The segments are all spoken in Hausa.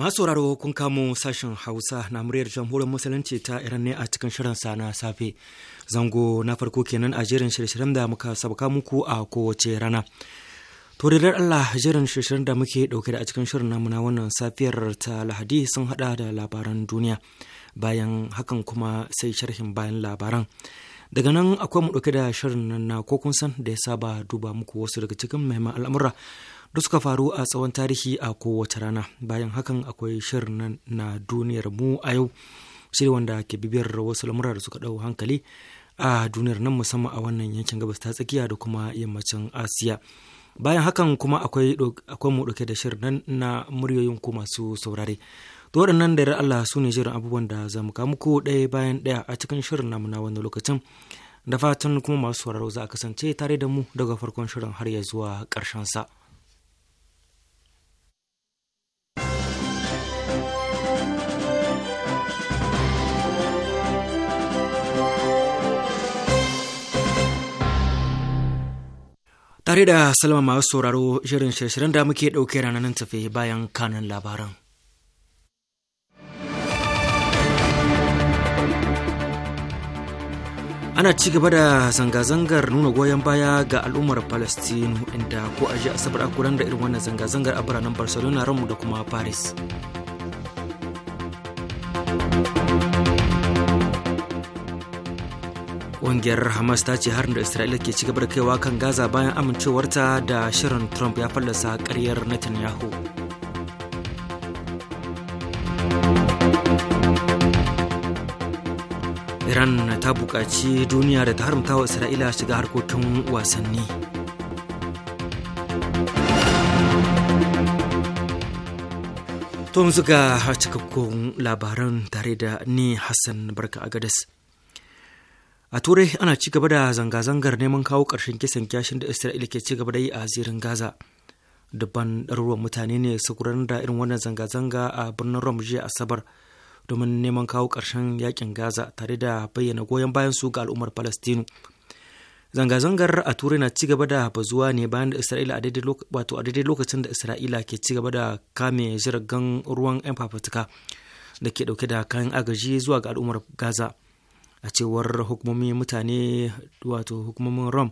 Masu sauraro kun kamo sashen Hausa na muryar jamhuriyar musulunci ta Iran ne a cikin shirin sa na safe. Zango na farko kenan a jerin shirin da muka sabuka muku a kowace rana. To Allah jerin shirin da muke dauke da a cikin shirin namu wannan safiyar ta Lahadi sun hada da labaran duniya. Bayan hakan kuma sai sharhin bayan labaran. Daga nan akwai mu dauke da shirin nan na kokun san da ya saba duba muku wasu daga cikin mahimman al'amura da suka faru a tsawon tarihi a kowace rana bayan hakan akwai shirin nan na duniyar mu a yau shirin wanda ke bibiyar wasu lamura da suka dau hankali a duniyar nan musamman a wannan yankin gabas ta tsakiya da kuma yammacin asiya bayan hakan kuma akwai mu dauke da shirin nan na muryoyin ku masu saurare to waɗannan da Allah su ne shirin abubuwan da za mu muku ɗaya bayan ɗaya a cikin shirin namu na wannan lokacin da fatan kuma masu sauraro za a kasance tare da mu daga farkon shirin har ya zuwa karshen sa. Tare da salama masu sauraro shirin shirin da muke ɗauke ranar tafe bayan kanan labaran. ana ci gaba da zanga-zangar nuna goyon baya ga al'ummar palestine inda ko a asabar a da irin wannan zanga-zangar a biranen barcelona Rome da kuma paris ƙungiyar hamas ta ce harin da isra'ila ke ci gaba da kaiwa kan gaza bayan amincewarta da shirin trump ya fallasa karyar netanyahu iran ta buƙaci duniya da ta haramta wa isra'ila shiga harkokin wasanni to suka cikakkun labaran tare da ni hassan barka agadas a turai ana ci gaba da zanga-zangar neman kawo ƙarshen kisan kyashin da isra'ila ke ci gaba da yi a zirin gaza dubban ɗaruruwan mutane ne su da irin wannan zanga-zanga a birnin rom jiya asabar domin neman kawo ƙarshen yakin gaza tare da bayyana goyon bayan su ga al'ummar palestinu zanga-zangar a turai na ci gaba da bazuwa ne bayan da isra'ila a daidai lokacin da isra'ila ke ci gaba da kame jiragen ruwan 'yan fafutuka da ke dauke da kayan agaji zuwa ga al'ummar gaza a cewar hukumomin mutane wato hukumomin rom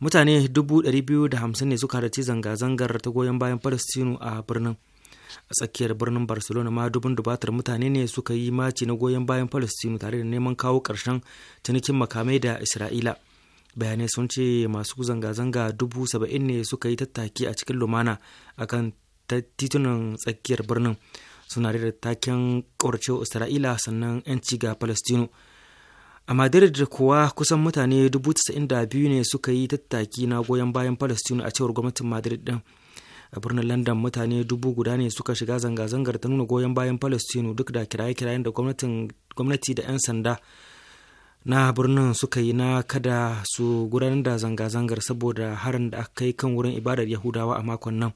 mutane 250,000 ne suka halarci zanga-zangar ta goyon bayan palestino a birnin a tsakiyar birnin barcelona ma dubin dubatar mutane ne suka yi maci na goyon bayan palestino tare da neman kawo ƙarshen cinikin makamai da isra'ila bayanai sun ce masu zanga-zanga dubu ne suka yi tattaki a cikin lumana akan titunan tsakiyar birnin suna da taken ƙauracewa isra'ila sannan 'yanci ga palestino a madrid da kuwa kusan mutane 92 ne suka yi tattaki na goyon bayan palestine a cewar gwamnatin madrid din a birnin london mutane dubu guda ne suka shiga zanga-zangar ta nuna goyon bayan palestine duk da kiraye-kirayen da gwamnati da 'yan sanda na birnin suka yi na kada su gudanar da zanga-zangar saboda harin da aka yi kan wurin ibadar yahudawa a makon nan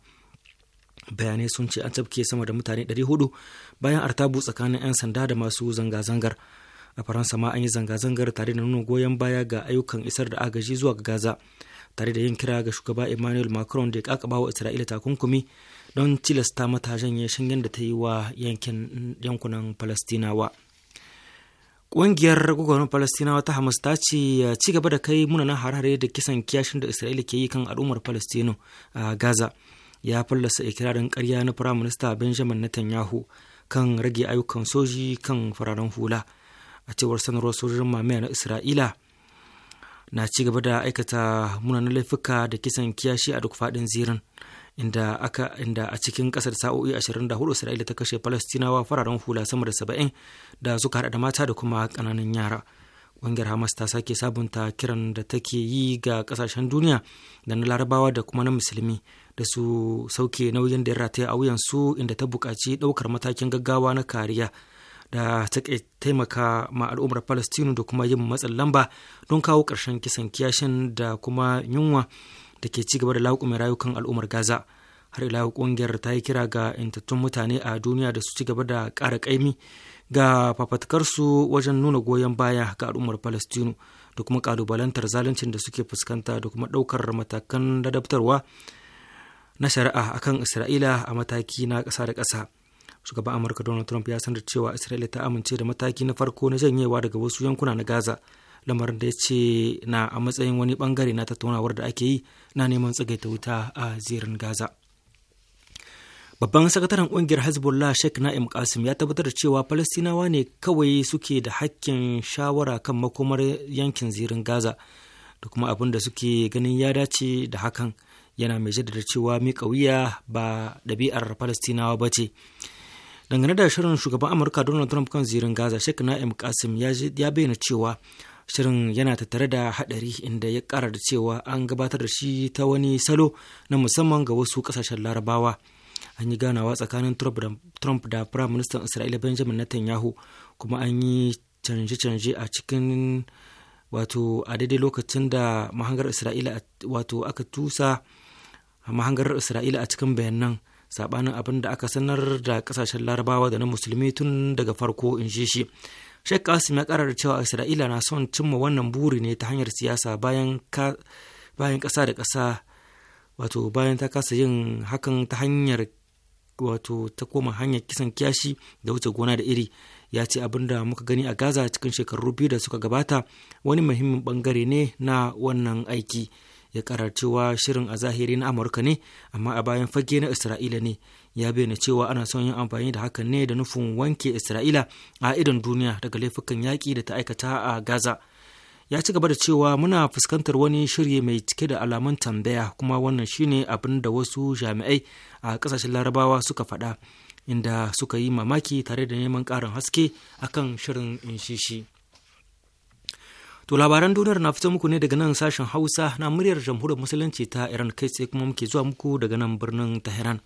bayanai sun ce an tafke sama da mutane 400 bayan artabu tsakanin 'yan sanda da masu zanga-zangar a faransa ma an yi zanga-zangar tare da nuna goyon baya ga ayyukan isar da agaji zuwa ga gaza tare da yin kira ga shugaba emmanuel macron da ya kakaba wa isra'ila takunkumi don tilasta mata janye shingen da ta yi wa yankunan palestinawa Ƙungiyar gwagwarmar Falastinawa ta Hamas ta ce ci gaba da kai munanan harhare da kisan kiyashin da Isra'ila ke yi kan al'ummar palestino a Gaza ya fallasa ikirarin karya na Firaminista Benjamin Netanyahu kan rage ayyukan soji kan fararen hula. a cewar sanarwar sojojin mamaya na isra'ila na ci gaba da aikata munanan laifuka da kisan kiyashi a duk faɗin zirin inda aka inda a cikin ƙasar sa'o'i 24 isra'ila ta kashe falastinawa fararen hula sama da saba'in da suka haɗa da mata da kuma kananan yara ƙungiyar hamas ta sake sabunta kiran da take yi ga kasashen duniya da na larabawa da kuma na musulmi da su sauke nauyin da ya rataya a wuyansu inda ta buƙaci ɗaukar matakin gaggawa na kariya da ta taimaka ma al'ummar palestinu da kuma yin matsin lamba don kawo ƙarshen kisan kiyashin da kuma yunwa da ke ci gaba da laƙume rayukan al'ummar gaza har ila ƙungiyar ta yi kira ga intattun mutane a duniya da su ci gaba da ƙara ƙaimi ga fafatakarsu wajen nuna goyon baya ga al'ummar palestinu da kuma ƙalubalantar zaluncin da suke fuskanta da kuma ɗaukar matakan ladabtarwa na shari'a akan isra'ila a mataki na ƙasa da ƙasa shugaban amurka donald trump ya sanar cewa isra'ila ta amince da mataki na farko na janyewa daga wasu yankuna na gaza lamarin da ya ce na a matsayin wani bangare na tattaunawar da ake yi na neman tsagaita wuta a zirin gaza babban sakataren kungiyar hezbollah sheikh na'im kasim ya tabbatar da cewa falastinawa ne kawai suke da hakkin shawara kan makomar yankin zirin gaza da kuma abin da suke ganin ya dace da hakan yana mai jaddada cewa miƙa wuya ba ɗabi'ar falastinawa ba ce dangane da shirin shugaban amurka donald trump kan zirin gaza sheikh na'im kasim ya bayyana cewa shirin yana tattare da hadari inda ya kara da cewa an gabatar da shi ta wani salo na musamman ga wasu kasashen larabawa an yi ganawa tsakanin trump da prime minister isra'ila benjamin netanyahu kuma an yi canje-canje a cikin wato a daidai lokacin da mahangar isra'ila wato aka tusa mahangar isra'ila a cikin bayanan sabanin abin da aka sanar da kasashen larabawa da na musulmi tun daga farko in shi shi Sheikh Qasim ya karar cewa Isra'ila na son cimma wannan buri ne ta hanyar siyasa bayan ka bayan kasa da kasa wato bayan ta kasa yin hakan ta hanyar wato ta koma hanyar kisan kiyashi da wuce gona da iri ya ce abinda muka gani a gaza cikin shekaru biyu da suka gabata wani muhimmin bangare ne na wannan aiki ya karar cewa shirin a zahiri na amurka ne amma a bayan fage na isra'ila ne ya bayyana cewa ana son yin amfani da hakan ne da nufin wanke isra'ila a idon duniya daga laifukan yaƙi da ta aikata a gaza ya ci gaba da cewa muna fuskantar wani shirye mai cike da alamun tambaya kuma wannan shine abin da wasu jami'ai a kasashen larabawa suka faɗa inda suka yi mamaki tare da neman ƙarin haske akan shirin inshishi. To labaran duniyar na fito muku ne daga nan sashen Hausa na muryar jamhuriyar musulunci ta Iran kai tsaye kuma muke zuwa muku daga nan birnin Tehran.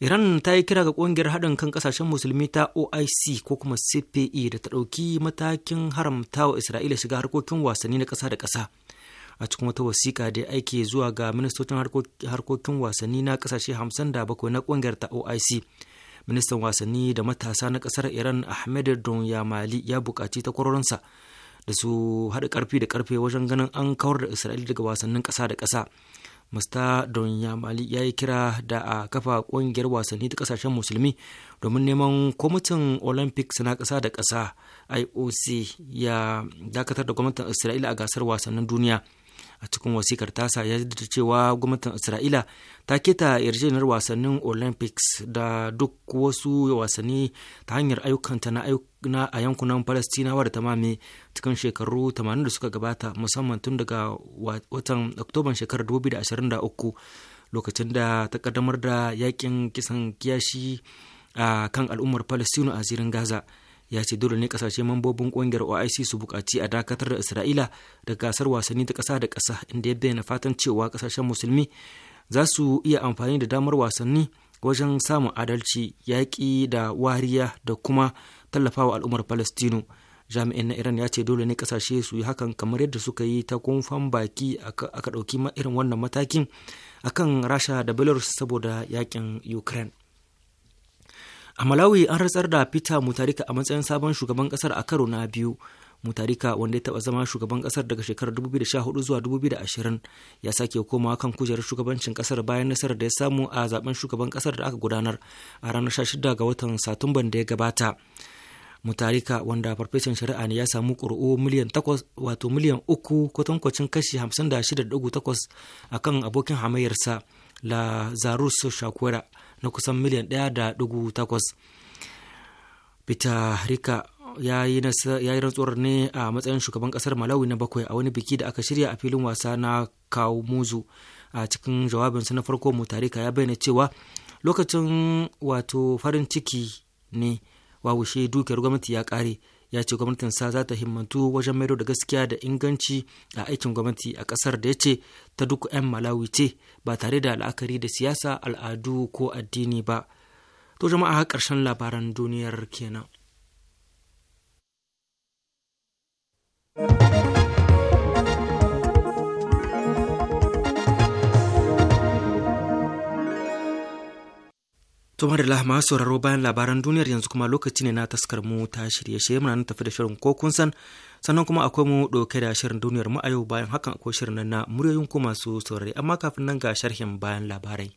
Iran ta yi kira ga kungiyar haɗin kan ƙasashen musulmi ta OIC ko kuma CPE da ta ɗauki matakin haramta wa Isra'ila shiga harkokin wasanni na ƙasa da ƙasa. A cikin wata wasiƙa da aike zuwa ga ministocin harkokin wasanni na ƙasashe 57 na kungiyar ta OIC. Ministan wasanni da matasa na ƙasar Iran Ahmed Donyamali ya buƙaci takwarorinsa da su haɗa ƙarfi da ƙarfe wajen ganin an kawar da isra'ila daga wasannin ƙasa da ƙasa musta don yamali ya yi kira da a kafa ƙungiyar wasanni ta ƙasashen musulmi domin neman kwamitin olympics na ƙasa da ƙasa ioc ya dakatar da gwamnatin isra'ila a gasar wasannin duniya a cikin wasikar tasa ya da cewa gwamnatin isra'ila ta keta yarjejeniyar wasannin olympics da duk wasu wasanni ta hanyar ayyukanta na a yankunan palestinawa da tamame cikin shekaru 80 da suka gabata musamman tun daga watan oktoban shekarar 2023 lokacin da ta kaddamar da yakin kisan kiyashi a kan al'ummar palestino a zirin gaza ya ce dole ne kasashe mambobin kungiyar OIC su bukaci a dakatar da Isra'ila da gasar wasanni ta kasa da ƙasa inda ya bayyana fatan cewa kasashen musulmi za su iya amfani da damar wasanni wajen samun adalci yaƙi da wariya da kuma tallafawa al'ummar Palestino. Jami'in na Iran ya ce dole ne kasashe su yi hakan kamar yadda suka yi ta kumfan baki aka ɗauki irin wannan matakin akan Rasha da Belarus saboda yaƙin Ukraine. A Malawi an ratsar da Peter Mutarika a matsayin sabon shugaban kasar a karo na biyu. Mutarika wanda ya taɓa zama shugaban kasar daga shekarar 2014 zuwa 2020 ya sake komawa kan kujerar shugabancin kasar bayan nasarar da ya samu a zaben shugaban kasar da aka gudanar a ranar 16 ga watan Satumban da ya gabata. mutarika wanda farfesan shari'a ne ya samu kuri'u miliyan takwas wato miliyan uku kwatankwacin kashi hamsin da shida da takwas a kan abokin hamayyarsa la zarus shakwera na kusan miliyan 1.8 peter rika ya yi rantsuwar ne a matsayin shugaban kasar malawi na bakwai a wani biki da aka shirya a filin wasa na kaumuzu a cikin jawabinsa na farko mutarika ya bayyana cewa lokacin wato farin ciki ne wawushe dukiyar gwamnati ya kare ya ce sa za ta himmantu wajen maido da gaskiya da inganci a aikin gwamnati a kasar da ya ce ta duk 'yan malawi ce ba tare da la'akari da siyasa al'adu ko addini ba to jama'a ƙarshen labaran duniyar kenan. To madalla masu sauraro bayan labaran duniyar yanzu kuma lokaci ne na taskar mu ta shirye shirye muna tafi da shirin ko kun san sannan kuma akwai mu ɗauke da shirin duniyar mu a yau bayan hakan akwai shirin na muryoyin ku masu saurare amma kafin nan ga sharhin bayan labarai.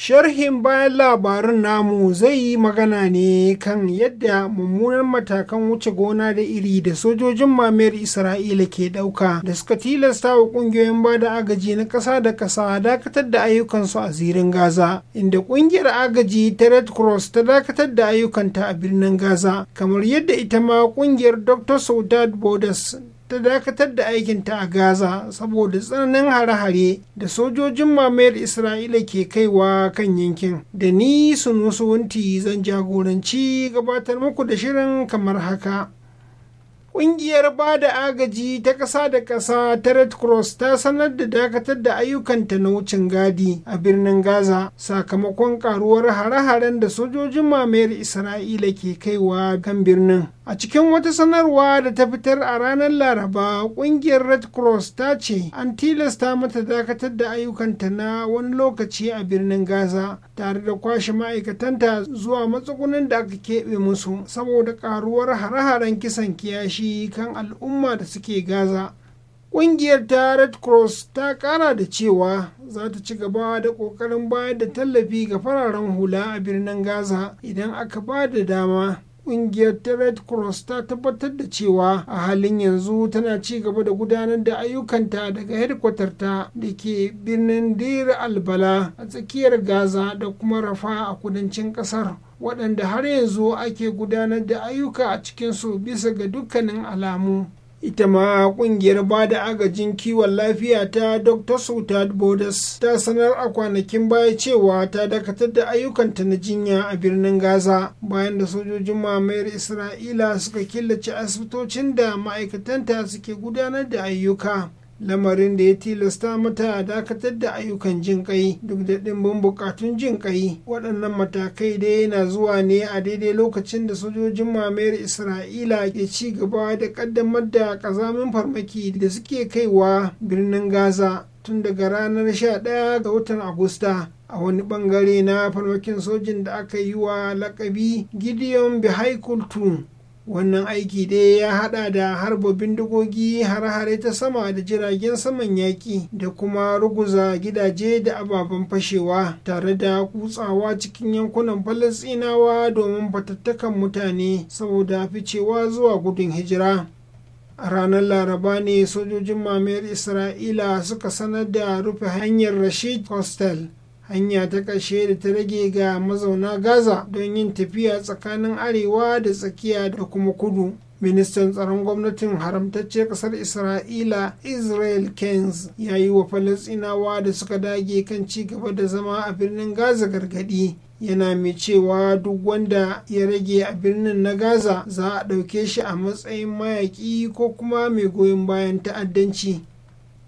sharhin bayan labarin namu zai yi magana ne kan yadda mummunan matakan wuce gona da iri da sojojin mamayar isra'ila ke ɗauka da suka tilasta wa ƙungiyoyin ba da agaji na ƙasa da ƙasa dakatar da ayyukansu a zirin gaza inda ƙungiyar agaji ta red cross ta dakatar da ayyukanta a birnin gaza kamar yadda ita ma ƙungiyar dr saudad bodas ta dakatar da aikinta a gaza saboda tsananin hare-hare da sojojin mamayar isra'ila ke kaiwa kan yankin da ni sunusu wunti zan jagoranci gabatar muku da shirin kamar haka Ƙungiyar ba da agaji ta ƙasa da ƙasa ta Red Cross ta sanar da dakatar da ayyukanta na wucin gadi a birnin Gaza sakamakon ƙaruwar hare-haren da sojojin mamayar Isra'ila ke kaiwa kan birnin. A cikin wata sanarwa da ta fitar a ranar Laraba, ƙungiyar Red Cross ta ce an tilasta mata dakatar da ayyukanta na wani lokaci a birnin Gaza tare da kwashe ma'aikatanta zuwa matsugunan da aka keɓe musu saboda ƙaruwar hare-haren kisan kiyashi kan al'umma da suke Gaza. Ƙungiyar ta Red Cross ta ƙara da cewa za ta ci gaba da ƙoƙarin bayar da tallafi ga fararen hula a birnin Gaza idan aka ba da dama. kungiyar ta red cross ta tabbatar da cewa a halin yanzu tana ci gaba da gudanar da ayyukanta daga hedkwatar da ke birnin dir albala a tsakiyar gaza da kuma rafa a kudancin kasar waɗanda har yanzu ake gudanar da ayyuka a cikinsu bisa ga dukkanin alamu ita ma kungiyar bada agajin kiwon lafiya ta dr sultan bodas ta sanar a kwanakin baya cewa ta dakatar da ayyukanta na jinya a birnin gaza bayan da sojojin mamayar isra'ila suka killace asibitocin da ma'aikatanta suke gudanar da ayyuka lamarin da ya tilasta mata a dakatar da ayyukan jin kai duk da ɗimbin bukatun jin kai waɗannan matakai da yana zuwa ne a daidai lokacin da sojojin mamayar isra'ila ke ci gaba da ƙaddamar da ƙazamin farmaki da suke kaiwa birnin gaza tun daga ranar 11 ga watan agusta a wani bangare na farmakin sojin da aka yi wa lakabi gideon bihaikul wannan aiki dai ya hada da harba bindigogi hare-hare ta sama da jiragen saman yaƙi da kuma ruguza gidaje da ababen fashewa tare da kutsawa cikin yankunan falasinawa domin fatattakan mutane saboda ficewa zuwa gudun hijira a ranar laraba ne sojojin mamayar isra'ila suka sanar da rufe hanyar rashid hostel hanya ta ƙarshe da ta rage ga mazauna gaza don yin tafiya tsakanin arewa da tsakiya da kuma kudu ministan tsaron gwamnatin haramtacce kasar isra'ila israel keynes ya yi wa falasinawa da suka dage kan ci gaba da zama a birnin gaza gargadi yana mai cewa duk wanda ya rage a birnin na gaza za a ɗauke shi a matsayin mayaƙi ko kuma mai goyon bayan ta'addanci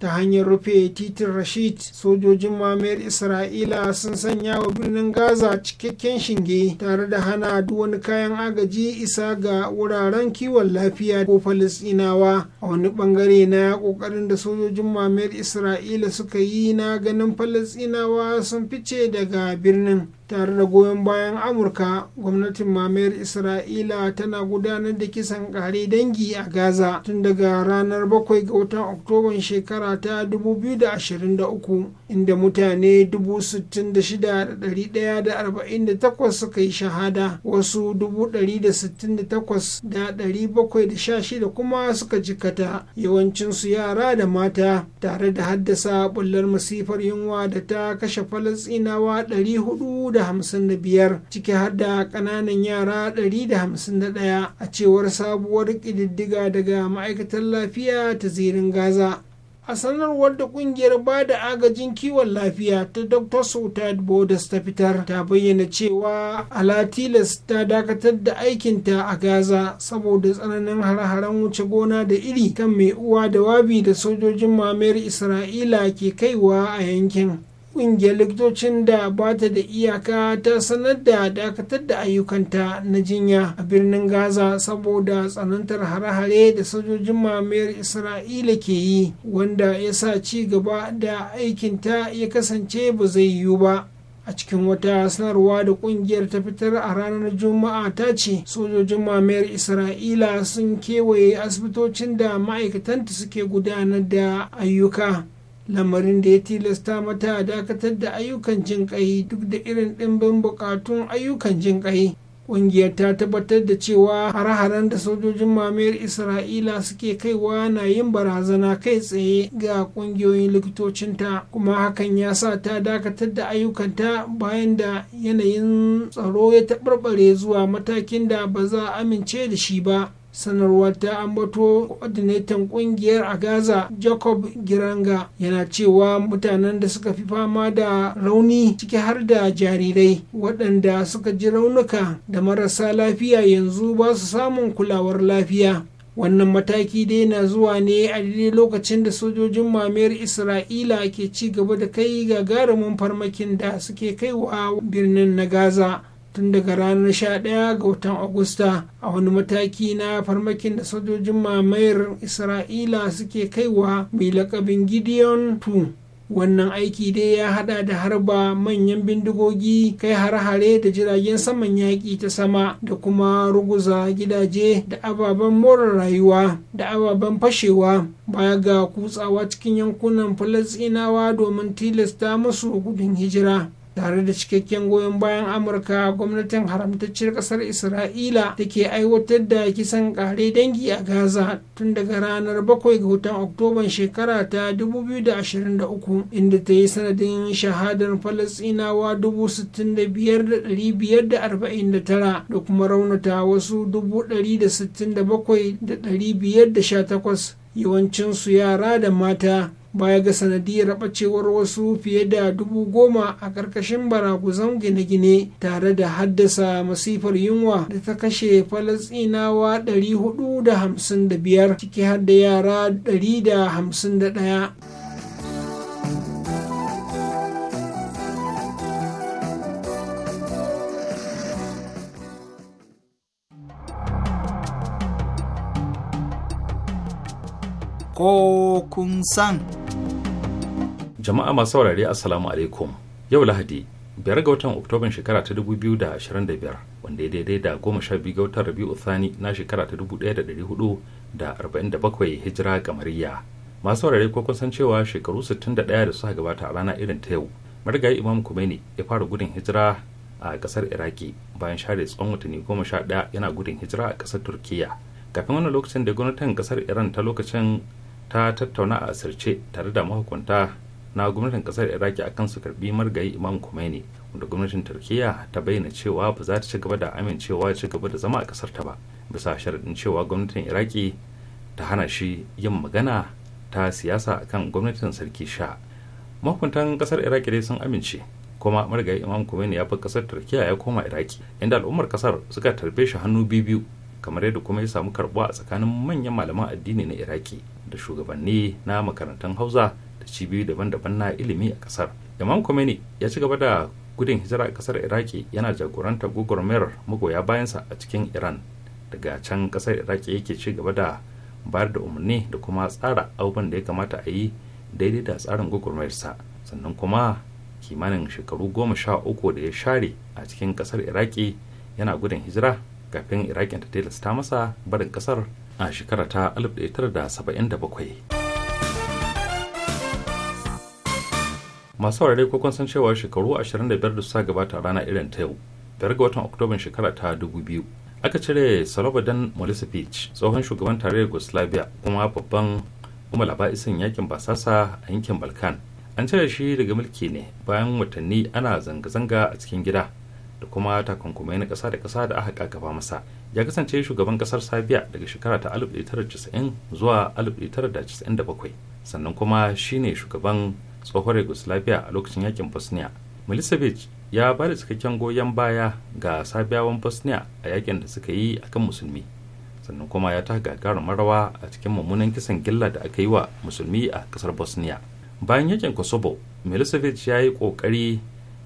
ta hanyar rufe titin rashid sojojin mamayar isra'ila sun sanya wa birnin gaza cikakken shinge tare da hana duk wani kayan agaji isa ga wuraren kiwon lafiya ko falisinawa a wani bangare na kokarin da sojojin mamayar isra'ila suka yi na ganin falisinawa sun fice daga birnin tare da goyon bayan amurka gwamnatin mamayar isra'ila tana gudanar da kisan kare dangi a gaza tun daga ranar 7 ga watan oktoban shekara ta 2023 inda mutane 66,148 suka yi shahada wasu 168,716 kuma suka jikata yawancinsu yara da mata tare da haddasa bullar masifar yunwa da ta kashe falasinawa 400 155 ciki har da kananan yara 151 a cewar sabuwar ƙididdiga daga ma'aikatar lafiya ta zirin gaza a sanarwar da kungiyar ba da agajin kiwon lafiya ta dr sultan bodas ta fitar ta bayyana cewa alatilas ta dakatar da aikinta a gaza saboda tsananin har-haren wuce gona da iri kan mai uwa da wabi da sojojin mamayar isra'ila ke kaiwa a yankin ƙungiyar likitocin da ba ta da iyaka ta sanar da dakatar da ayyukanta na jinya a birnin gaza saboda tsanantar hare-hare da sojojin mamayar isra'ila ke yi wanda ya sa ci gaba da aikinta ya kasance ba zai yiwu ba a cikin wata sanarwa da kungiyar ta fitar a ranar juma'a ta ce sojojin mamayar isra'ila sun kewaye asibitocin da ma'aikatanta suke gudanar da ayyuka lamarin da ya tilasta mata dakatar da ayyukan jin duk da irin ɗimbin buƙatun ayyukan jin ƙungiyar ta tabbatar da cewa har-haren da sojojin mamayar isra'ila suke kaiwa na yin barazana kai tsaye ga ƙungiyoyin likitocinta kuma hakan ya sa ta dakatar da ayyukanta bayan da yanayin tsaro ya taɓarɓare zuwa matakin da ba za a amince da shi ba sanarwar ta ambato coordinator kungiyar a gaza jacob giranga yana cewa mutanen da suka fi fama da rauni ciki har da jarirai waɗanda suka ji raunuka da marasa lafiya yanzu ba su samun kulawar lafiya wannan mataki dai na zuwa ne a daidai lokacin da sojojin mamayar isra'ila ke ci gaba da kai gagarumin farmakin da suke kaiwa birnin na gaza tun daga ranar 11 ga watan agusta a wani mataki na farmakin da sojojin mamayar isra'ila suke kaiwa mai lakabin gideon 2 wannan aiki dai ya hada da harba manyan bindigogi kai hare-hare da jiragen saman yaƙi ta sama da kuma ruguza gidaje da ababen more rayuwa da ababen fashewa baya ga kutsawa cikin yankunan falasinawa domin tilasta musu gudun hijira tare da cikakken goyon bayan amurka gwamnatin haramtaccen kasar isra'ila da ke aiwatar da kisan kare dangi a gaza tun daga ranar 7 ga watan oktoban shekara ta 2023 inda ta yi sanadin shahadar falasinawa 65,549 da kuma raunata wasu 167,518 yawancinsu yara da mata baya ga sanadiyar bacewar wasu fiye da dubu goma a ƙarƙashin baraguzan gine-gine tare da haddasa masifar yunwa da ta kashe falasinawa 455 ciki har da yara 151 ko kun san. jama'a masu saurare assalamu alaikum yau lahadi biyar ga watan oktoban shekara ta 2025 wanda ya daidai da goma sha biyu ga watan rabi'u thani na shekara ta 1447 hijira gamariya masu saurare ko kun san cewa shekaru 61 da suka gabata a rana irin ta yau marigayi imam kumeni ya fara gudun hijira a kasar iraki bayan share tsawon watanni goma sha ɗaya yana gudun hijira a kasar turkiya kafin wannan lokacin da gwamnatin kasar iran ta lokacin ta tattauna a asirce tare da mahukunta na gwamnatin kasar iraki akan su karbi margayi imam khomeini wanda gwamnatin turkiya ta bayyana cewa ba za ta ci gaba da amincewa ci gaba da zama a kasar ta ba bisa sharaɗin cewa gwamnatin iraki ta hana shi yin magana ta siyasa akan gwamnatin sarki sha mahukuntan kasar iraki dai sun amince kuma margayi imam khomeini ya bar kasar turkiya ya koma iraki inda al'ummar kasar suka tarbe shi hannu biyu kamar yadda kuma ya samu karbuwa a tsakanin manyan malaman addini na iraki da shugabanni na makarantun hausa da cibiyoyi daban-daban na ilimi a kasar imam khomeini ya ci gaba da gudun hijira a kasar iraki yana jagoranta gwagwarmayar magoya bayansa a cikin iran daga can kasar iraki yake ci gaba da bayar da umarni da kuma tsara abubuwan da ya kamata a yi daidai da tsarin gwagwarmayarsa sannan kuma kimanin shekaru goma sha uku da ya share a cikin kasar iraki yana gudun hijira kafin Iraki ta tilasta masa barin kasar a shekara ta bakwai. masu saurare ko kun san cewa shekaru 25 da suka gabata rana irin ta yau tare ga watan oktoban shekara ta 2000 aka cire slobodan milosevic tsohon shugaban tarayyar yugoslavia kuma babban kuma labarisin yakin basasa a yankin balkan an cire shi daga mulki ne bayan watanni ana zanga-zanga a cikin gida da kuma takunkumai na kasa da kasa da aka kakaba masa ya kasance shugaban kasar sabiya daga shekara ta 1990 zuwa 1997 sannan kuma shine shugaban tsohuwar yugoslavia a lokacin yakin bosnia milicevic ya ba da cikakken goyon baya ga sabiyawan bosnia a yakin da suka yi a kan musulmi sannan kuma ya ta gagarumin marawa a cikin mummunan kisan gilla da aka yi wa musulmi a kasar bosnia bayan yakin kosovo milicevic ya yi kokari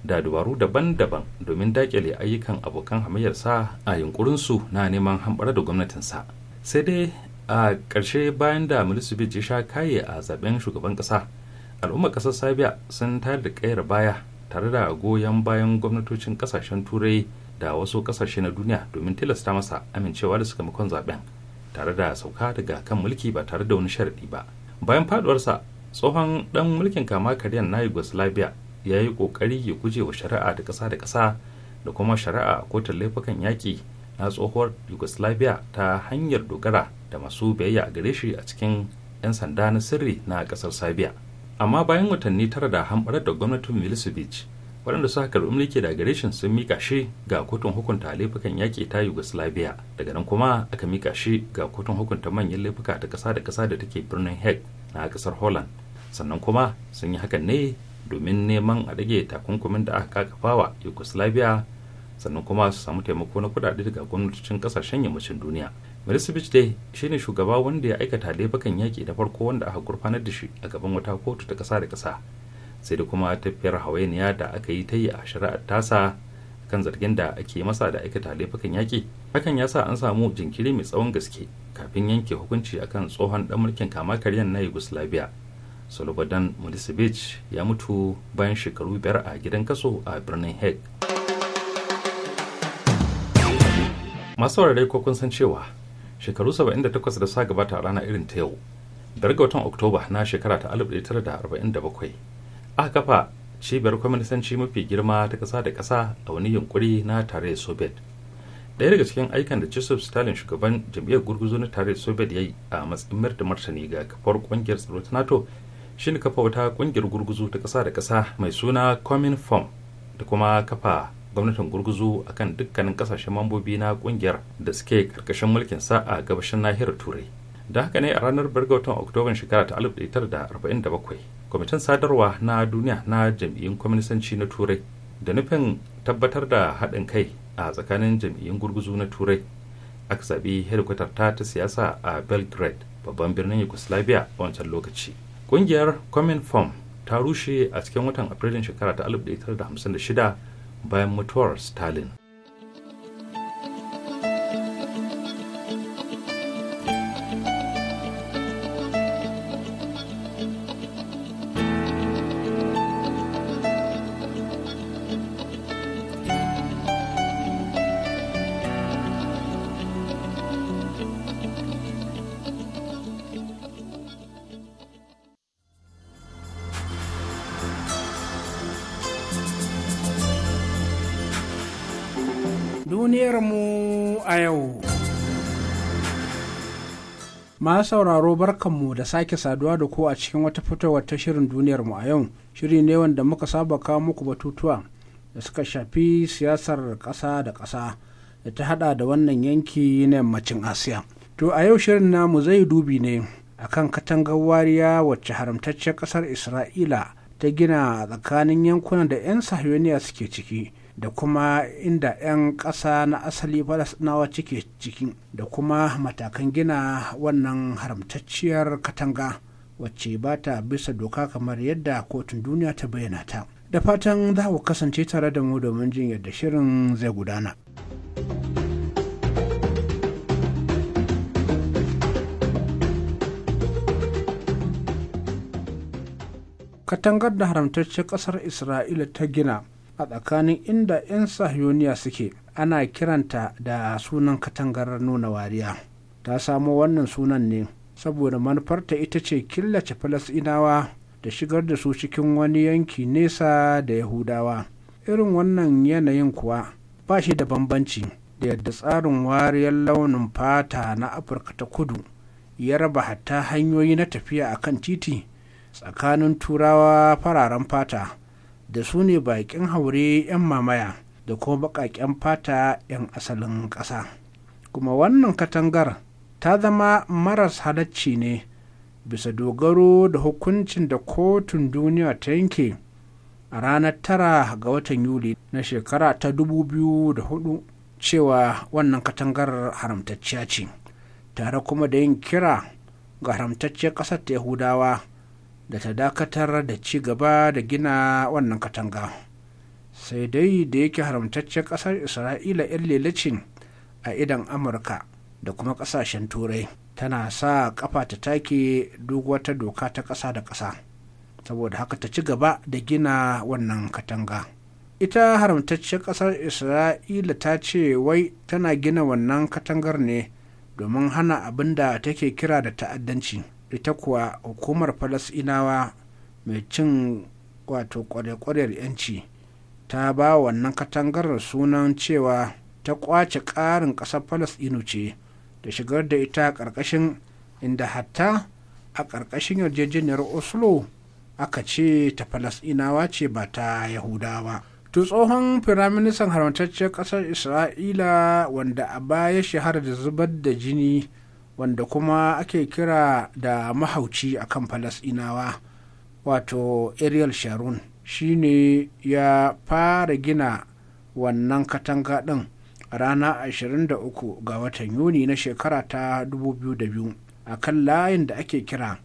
da dubaru daban-daban domin dakile ayyukan abokan hamayyarsa a yunkurinsu na neman hambara da gwamnatinsa sai dai a ƙarshe bayan da milicevic ya sha kaye a zaben shugaban ƙasa al'ummar ƙasar sabiya sun tayar da kayar baya tare da goyon bayan gwamnatocin ƙasashen turai da wasu ƙasashe na duniya domin tilasta masa amincewa da sakamakon zaben tare da sauka daga kan mulki ba tare da wani sharadi ba bayan faduwarsa tsohon dan mulkin kama karyan na yugoslavia ya yi kokari ya guje wa shari'a da ƙasa da ƙasa da kuma shari'a kotun laifukan yaƙi na tsohuwar yugoslavia ta hanyar dogara da masu biyayya a gare shi a cikin 'yan sanda na sirri na ƙasar sabiya amma bayan watanni tara da hamɓarar da gwamnatin milicevic waɗanda suka karɓi mulki daga reshen sun mika shi ga kotun hukunta laifukan yaƙi ta yugoslavia daga nan kuma aka mika shi ga kotun hukunta manyan laifuka ta ƙasa da ƙasa da take birnin hague na ƙasar holland sannan kuma sun yi hakan ne domin neman a rage takunkumin da aka wa yugoslavia sannan kuma su samu taimako na kuɗaɗe daga gwamnatocin kasashen yammacin duniya Milicevic dai shine shugaba wanda ya aikata bakan yaƙi da farko wanda aka gurfanar da shi a gaban wata kotu ta ƙasa da ƙasa sai da kuma tafiyar hawainiya da aka yi ta yi a shari'ar tasa kan zargin da ake masa da aikata laifukan yaƙi hakan ya sa an samu jinkiri mai tsawon gaske kafin yanke hukunci akan tsohon ɗan mulkin kama karyan na yugoslavia slobodan milicevic ya mutu bayan shekaru biyar a gidan kaso a birnin hague masu ko kun san cewa shekaru 78 da sa gabata a rana irin ta yau da ga watan oktoba na shekara ta 1947 aka kafa cibiyar kwaminisanci mafi girma ta kasa da kasa a wani yunkuri na tare da soviet daya daga cikin aikan da joseph stalin shugaban jam'iyyar gurguzu na tare soviet ya yi a matsayin mayar da martani ga kafar kungiyar tsaro ta nato shine kafa wata kungiyar gurguzu ta kasa da kasa mai suna common form da kuma kafa gwamnatin gurguzu akan kan dukkanin kasashen mambobi na kungiyar da suke karkashin mulkin sa a gabashin nahiyar turai da haka ne a ranar ga watan oktoban shekara ta 1947 kwamitin sadarwa na duniya na jam'iyyun kwaminisanci na turai da nufin tabbatar da haɗin kai a tsakanin jam'iyyun gurguzu na turai aka zaɓi hedikwatar ta ta siyasa a belgrade babban birnin yugoslavia a wancan lokaci kungiyar common form ta rushe a cikin watan afrilun shekara ta 1956 By mutuwar stalin ma sauraro barkanmu da sake saduwa da ku a cikin wata fitowar ta shirin duniyar mu a yau shiri ne wanda muka saba kawo muku batutuwa da suka shafi siyasar ƙasa da ƙasa da ta hada da wannan yanki na yammacin asiya to a yau shirin namu zai dubi ne akan katangar wariya wacce haramtacciyar ƙasar isra'ila ta gina a tsakanin yankunan da 'yan sahiyoniya suke ciki da kuma inda 'yan ƙasa na asali falasɗinawa cike cikin. da kuma matakan gina wannan haramtacciyar katanga wacce ba ta bisa doka kamar yadda kotun duniya ta bayyana ta da fatan za ku kasance tare da mu domin jin yadda shirin zai gudana. katangar da haramtacciyar ƙasar isra'ila ta gina a tsakanin inda 'yan Sahyoniya suke ana kiranta da sunan katangar nuna wariya ta samo wannan sunan ne saboda manufarta ita ce killace falasinawa da shigar da su cikin wani yanki nesa da yahudawa irin wannan yanayin kuwa ba shi da bambanci da yadda tsarin wariyar launin fata na afirka ta kudu ya raba hatta hanyoyi na tafiya a kan titi tsakanin turawa fararen fata da su ne baƙin haure 'yan mamaya da kuma baƙaƙen fata 'yan asalin ƙasa kuma wannan katangar ta zama maras halacci ne bisa dogaro da hukuncin da kotun duniya ta yanke a ranar tara ga watan yuli na shekara ta dubu biyu da hudu, cewa wannan katangar haramtacciya ce tare kuma da yin kira ga haramtacciyar ƙasar ta yahudawa da ta dakatar da ci gaba da gina wannan katanga sai dai da yake haramtaccen ƙasar isra'ila 'yan lelacin a idan amurka da kuma ƙasashen turai tana sa ƙafa ta take duk wata doka ta ƙasa da ƙasa saboda haka ta ci gaba da gina wannan katanga ita haramtacce ƙasar isra'ila ta ce wai tana gina wannan katangar ne domin hana abin da take kira da ta'addanci ita kuwa hukumar falasinawa mai cin wato kwarekwarar yanci ta ba wannan katangar sunan cewa ta kwace ƙarin ƙasar falasɗinu ce da shigar da ita ƙarƙashin inda hatta a ƙarƙashin yarjejeniyar oslo aka ce ta falasɗinawa ce ba ta yahudawa to tsohon firaministan haramtacciyar ƙasar isra'ila wanda a baya shahara da zubar da jini wanda kuma ake kira da mahauci akan falasinawa wato ariel sharon shine ya fara gina wannan katanga ɗin rana 23 ga watan yuni na shekara ta 2002 a kan layin da ake kira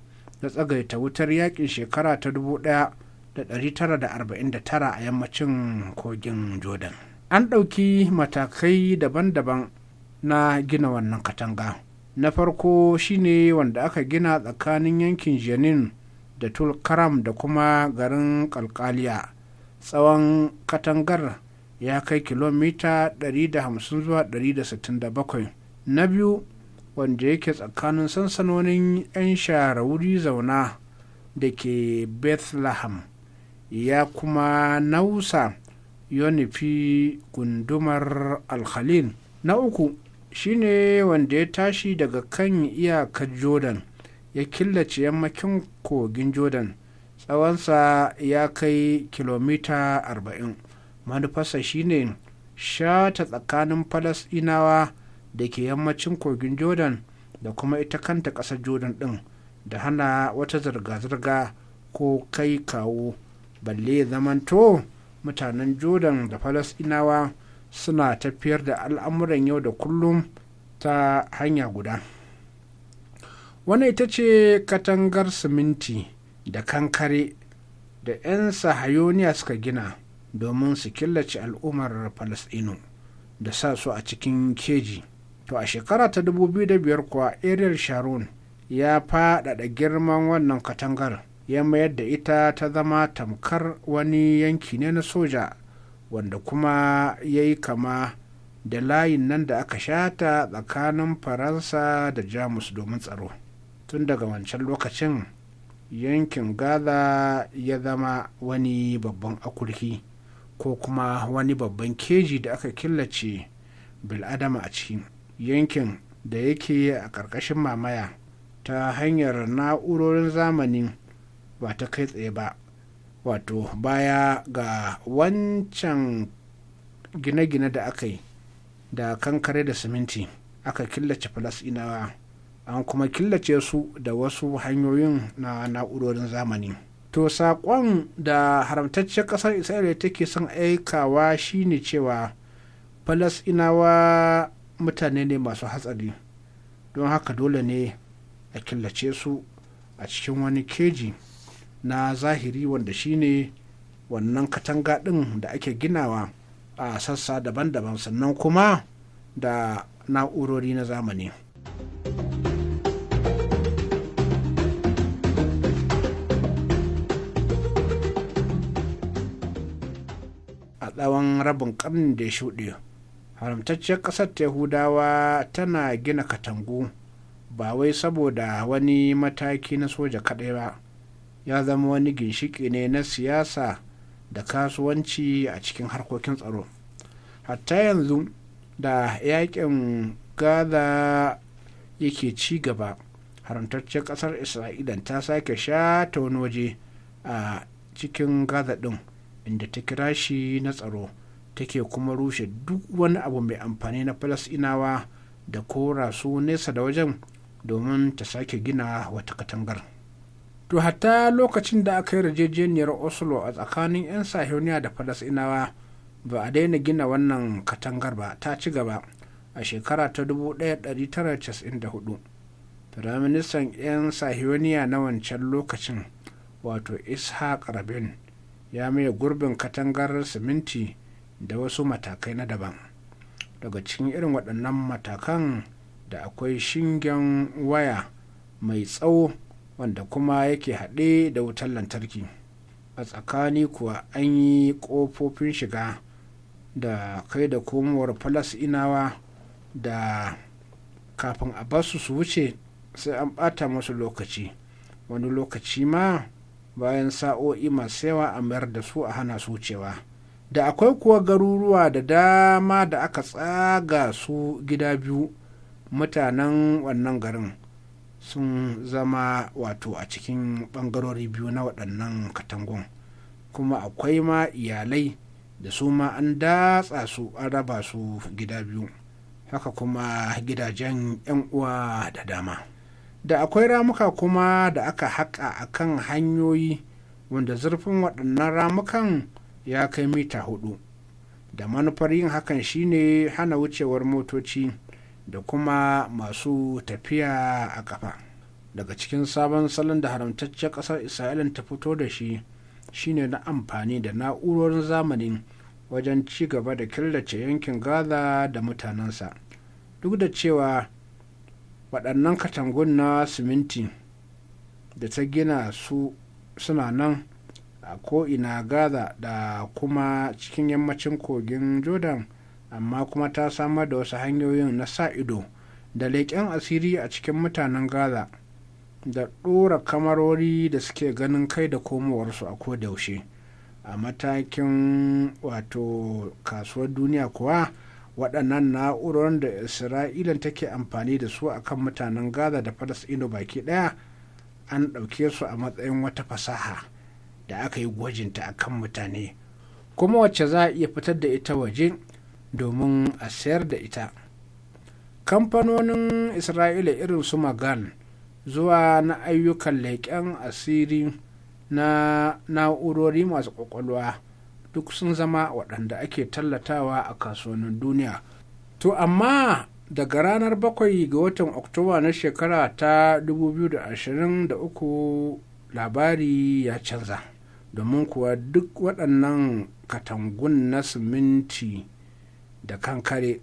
na tsagaita wutar yakin shekara ta 1949 a yammacin kogin jordan an ɗauki matakai daban-daban na gina wannan katanga na farko shine wanda aka gina tsakanin yankin jenin da tulkaram da kuma garin kalkaliya tsawon katangar ya kai kilomita 150 zuwa 167 na biyu wanda yake tsakanin sansanonin 'yan shara zauna da ke bethlehem ya kuma nausa yonifi gundumar alkhalin na uku shine wanda ya tashi daga kan iyakar jordan ya killace yammakin kogin jordan tsawonsa ya kai kilomita 40 manufarsa shine shata tsakanin falasinawa da ke yammacin kogin jordan da kuma ita kanta ƙasar jordan ɗin da hana wata zirga-zirga ko kai kawo balle zamanto mutanen jordan da falasinawa suna tafiyar da al'amuran yau da kullum ta hanya guda wani ita ce katangar siminti da kankare da 'yan sahayoniya suka gina domin su killace al'ummar falasɗinu da sa su a cikin keji to a shekara ta dubu biyu da 2005 kuwa ariel sharon ya faɗaɗa girman wannan katangar ya mayar da ita ta zama tamkar wani yanki ne na soja wanda kuma ya yi kama da layin nan da aka shata tsakanin faransa da jamus domin tsaro tun daga wancan lokacin yankin gaza ya zama wani babban akurki ko kuma wani babban keji da aka killace bil'adama a ciki yankin da yake a ƙarƙashin mamaya ta hanyar na'urorin zamanin ba ta kai tsaye ba wato baya ga wancan gine-gine da aka yi da kankare da siminti aka killace falasɗinawa an kuma killace su da wasu hanyoyin na na'urorin zamani to saƙon da haramtacciyar ƙasar isra'ila take son aikawa shine cewa falasɗinawa mutane ne masu hatsari don haka dole ne a killace su a cikin wani keji na zahiri wanda shine wannan katanga ɗin da ake ginawa a sassa daban-daban sannan kuma da na'urori na zamani. a tsawon rabin karni da ya shuɗe haramtacciyar ƙasar yahudawa tana gina katangu ba wai saboda wani mataki na soja kaɗai ba ya zama wani ginshiƙi ne na siyasa da kasuwanci a cikin harkokin tsaro hatta yanzu da yakin gaza yake ci gaba haramtaccen kasar Isra'ila ta sake ta wani waje a cikin gaza din inda ta kira shi na tsaro take kuma rushe duk wani abu mai amfani na falasinawa da kora su nesa da wajen domin ta sake gina wata katangar. to hatta lokacin da aka yi yarjejeniyar oslo a tsakanin 'yan sahiyoniya da falasinawa ba a daina gina wannan katangar ba ta ci gaba a shekara ta 1994 firaministan 'yan sahiyoniya na wancan lokacin wato ishaq rabin ya maye gurbin katangar siminti da wasu matakai na daban daga cikin irin waɗannan matakan da akwai shingen waya mai tsawo wanda kuma yake haɗe da wutar lantarki a tsakani kuwa an yi ƙofofin shiga da kai da komowar falas inawa da kafin a basu su wuce sai an ɓata musu lokaci wani lokaci ma bayan sa'o'i masu yawa a mayar da su a hana su wucewa da akwai kuwa garuruwa da dama da aka tsaga su gida biyu mutanen wannan garin sun zama wato a cikin bangarori biyu na waɗannan katangun kuma akwai ma iyalai da su ma an datsa su an raba su gida biyu haka kuma gidajen 'yan uwa da dama da akwai ramuka kuma da aka haƙa a kan hanyoyi wanda zurfin waɗannan ramukan ya kai mita hudu da manufar yin hakan shine hana wucewar motoci da kuma masu tafiya a kafa. daga cikin sabon salon da haramtacce kasar isra'ilin ta fito da shi shine na amfani da na'urorin zamani wajen ci gaba da killace yankin gaza da mutanensa duk da cewa waɗannan katangun na siminti da ta gina su suna nan a ko'ina gaza da kuma cikin yammacin kogin jordan amma kuma ta samar da wasu hanyoyin na sa ido da leƙen asiri a cikin mutanen gaza da ɗora kamarori da suke ganin kai da komowarsu a yaushe a matakin wato kasuwar duniya kuwa waɗannan na'urorin da isra'ila take amfani da su akan mutanen gaza da falasɗinu baki ɗaya an ɗauke su a matsayin wata fasaha da aka yi gwajinta akan mutane kuma wacce za a iya fitar da ita waje domin a sayar da ita kamfanonin isra'ila irin su magan zuwa na ayyukan leƙen asiri na na'urori masu ƙwaƙwalwa duk sun zama waɗanda ake tallatawa a kasuwannin duniya to amma daga ranar bakwai ga watan oktoba na shekara ta 2023 labari ya canza domin kuwa duk waɗannan katangun na siminti da kankare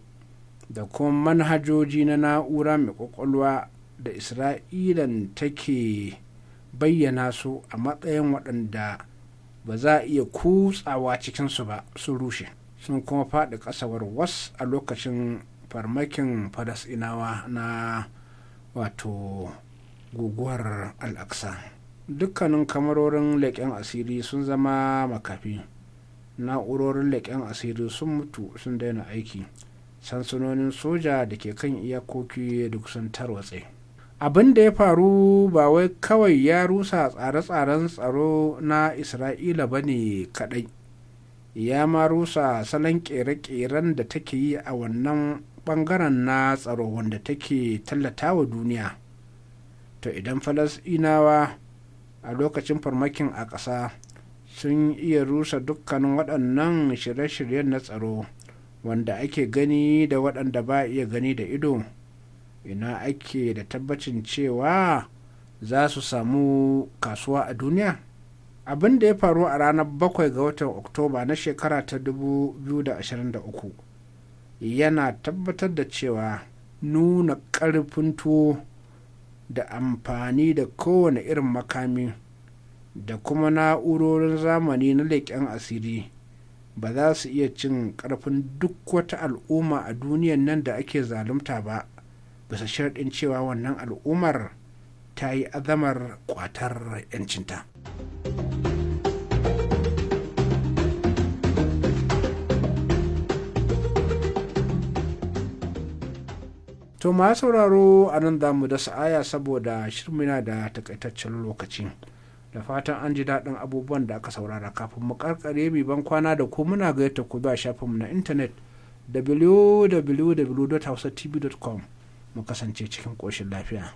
da kuma manhajoji na na'ura mai kwakwalwa da isra'ilan take bayyana su a matsayin waɗanda ba za a iya kutsawa cikinsu ba sun rushe sun kuma faɗi ƙasawar was a lokacin farmakin falasɗinawa na wato guguwar al'aksa dukkanin kamarorin leƙen asiri sun zama makafi na'urorin leƙen asiri sun mutu sun daina aiki sansanonin soja da ke kan iyakoki duk sun tarwatse abin da ya faru ba wai kawai ya rusa tsare-tsaren tsaro na isra'ila ba ne kaɗai ya ma rusa salon ƙere-ƙeren da take yi a wannan ɓangaren na tsaro wanda take tallatawa duniya to idan falasɗinawa a lokacin farmakin a ƙasa sun iya rusa dukkanin waɗannan shirye-shiryen na tsaro wanda ake gani da waɗanda ba iya gani da ido ina ake da tabbacin cewa za su samu kasuwa a duniya abin da ya faru a ranar 7 ga watan oktoba na shekara ta 2023 yana tabbatar da cewa nuna ƙarfin tuwo da amfani da kowane irin makami da kuma na'urorin zamani na leƙen asiri ba za su iya cin ƙarfin duk wata al'umma a duniyan nan da ake zalunta ba bisa sharɗin cewa wannan al'ummar ta yi azamar kwatar 'yancinta. To ma sauraro a nan za mu da aya saboda shirmina da takaitaccen lokaci. da fatan an ji daɗin abubuwan da aka saurara kafin mu karkare mai ban kwana da ku muna gayyata ku ba shafinmu na intanet www.hausatv.com mu kasance cikin koshin lafiya.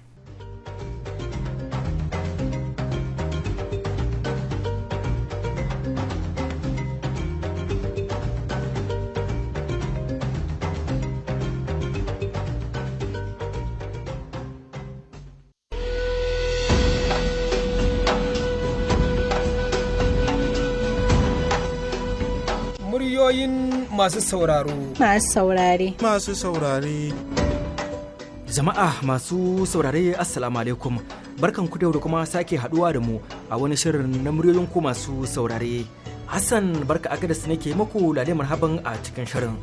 masu sauraro. Masu saurare. Masu saurare. Jama'a masu saurare Assalamu alaikum. Barkan ku da kuma sake haduwa da mu a wani shirin na muryoyin ku masu saurare. Hassan barka aka da nake muku lalle marhaban a cikin shirin.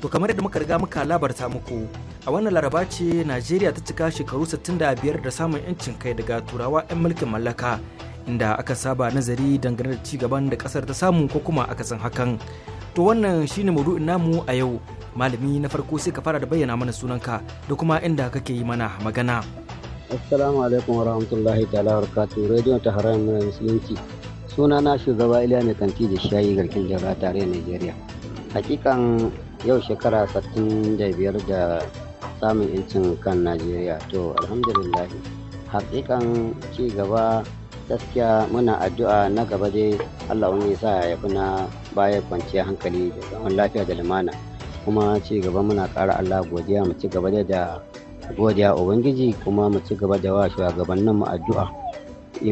To kamar yadda muka riga muka labarta muku a wannan laraba ce Najeriya ta cika shekaru 65 da samun 'yancin kai daga turawa 'yan mulkin mallaka inda aka saba nazari dangane da ci gaban da kasar ta samu ko kuma akasin hakan To wannan shine maudu'in namu a yau. Malami na farko sai ka fara da bayyana mana sunanka da kuma inda kake yi mana magana. Assalamu alaikum warahmatullahi ta'ala barakatuh. Radio ta haram musulunci. Suna na shugaba Iliya mai kanti da shayi garkin jara tare nigeria Hakikan yau shekara sittin da biyar da samun 'yancin kan Najeriya. To alhamdulillah. hakikan ci gaba gaskiya muna addu'a na gaba dai Allah wani sa ya fi na baya kwanciyar hankali da zaman lafiya da lumana kuma ci gaba muna ƙara Allah godiya mu ci gaba da godiya ubangiji kuma mu ci gaba da wa mu addu'a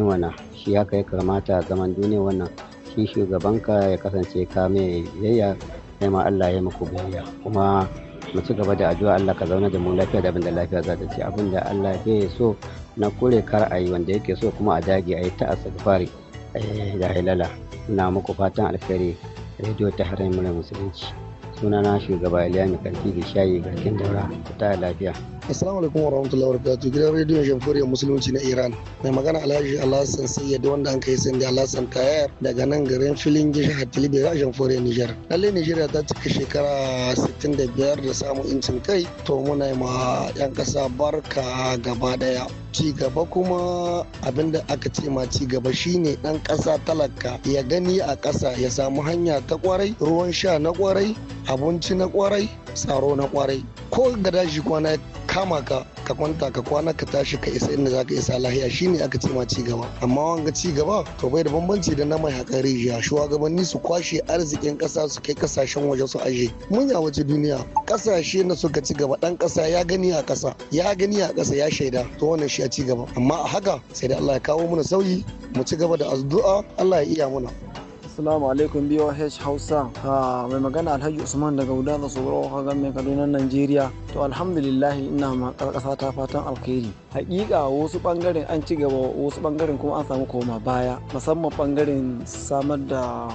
wana shi haka ya kamata zaman duniya wannan shi shugabanka ya kasance ka mai biyayya sai ma Allah ya muku godiya kuma mu ci gaba da addu'a Allah ka zauna da mu lafiya da abinda lafiya za ta ci abinda Allah ya so na kure kar ayi wanda yake so kuma a dage ayi ta asali fari da hilala ina muku fatan alheri rediyo ta harin mura musulunci sunana shugaba iliya mai karfi da shayi garkin daura ta lafiya Assalamu alaikum wa rahmatullahi wa barakatuh gidan rediyon Jamhuriyar Musulunci na Iran. Mai magana Alhaji Alhassan Sayyid wanda an kai sanda Alhassan Tayar daga nan garin filin jihar Tilibe a Jamhuriyar Nijar. Lalle Nijeriya ta cika shekara 65 da samun incin kai to muna ma 'yan kasa barka gaba daya. ci gaba kuma abinda aka ce ma ci gaba shine dan ƙasa talaka ya gani a ƙasa ya samu hanya ta kwarai ruwan sha na kwarai abinci na kwarai tsaro na kwarai ko shi kwana kama ka ka kwanta ka kwana ka tashi ka isa inda zaka isa lahiya shine aka ce ma ci gaba amma wanga ci gaba to bai da bambanci da na mai hakan rijiya shugabanni su kwashe arzikin kasa su kai kasashen waje su aje mun ya waje duniya kasashe na suka ci gaba dan kasa ya gani a kasa ya gani a kasa ya shaida to wannan shi a ci gaba amma a haka sai da Allah ya kawo mana sauyi mu ci gaba da addu'a Allah ya iya mana Assalamu alaikum H Hausa. Ah, mai magana Alhaji Usman daga Uda da Tsoro Hagan mai Kaduna Najeriya. To alhamdulillah ina ma ƙasa ta fatan alkhairi. Hakika wasu bangaren an ci gaba wasu bangaren kuma an samu koma baya musamman bangaren samar da